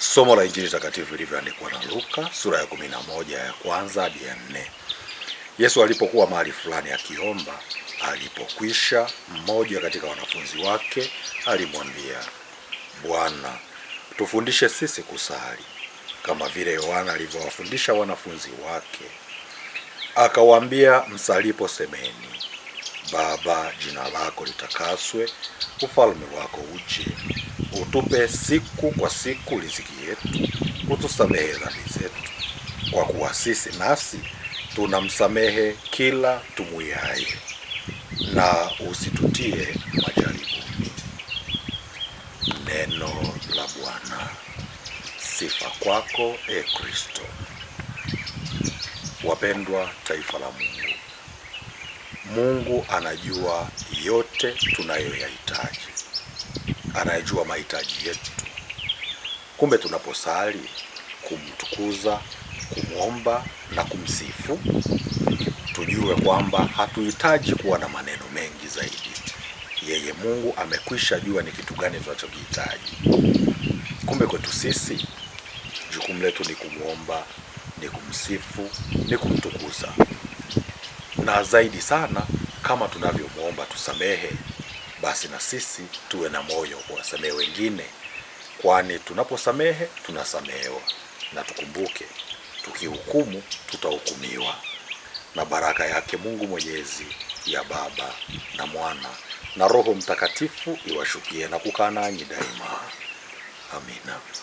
Somo la Injili takatifu ilivyoandikwa na Luka sura ya kumi na moja ya kwanza hadi ya nne. Yesu alipokuwa mahali fulani akiomba, alipokwisha, mmoja katika wanafunzi wake alimwambia, Bwana, tufundishe sisi kusali kama vile Yohana alivyowafundisha wanafunzi wake. Akawaambia, msalipo semeni Baba, jina lako litakaswe, ufalme wako uje, utupe siku kwa siku riziki yetu, utusamehe dhambi zetu kwa kuwa sisi nasi tunamsamehe kila tumwiaye, na usitutie majaribuni. Neno la Bwana. Sifa kwako, e Kristo. Wapendwa taifa la Mungu, Mungu anajua yote tunayoyahitaji, anayajua mahitaji yetu. Kumbe tunaposali, kumtukuza, kumwomba na kumsifu, tujue kwamba hatuhitaji kuwa na maneno mengi zaidi. Yeye Mungu amekwisha jua ni kitu gani tunachokihitaji. Kumbe kwetu sisi jukumu letu ni kumwomba, ni kumsifu, ni kumtukuza na zaidi sana, kama tunavyomwomba tusamehe, basi na sisi tuwe na moyo kuwasamehe wengine, kwani tunaposamehe tunasamehewa, na tukumbuke, tukihukumu tutahukumiwa. Na baraka yake Mungu Mwenyezi ya Baba na Mwana na Roho Mtakatifu iwashukie na kukaa nanyi daima. Amina.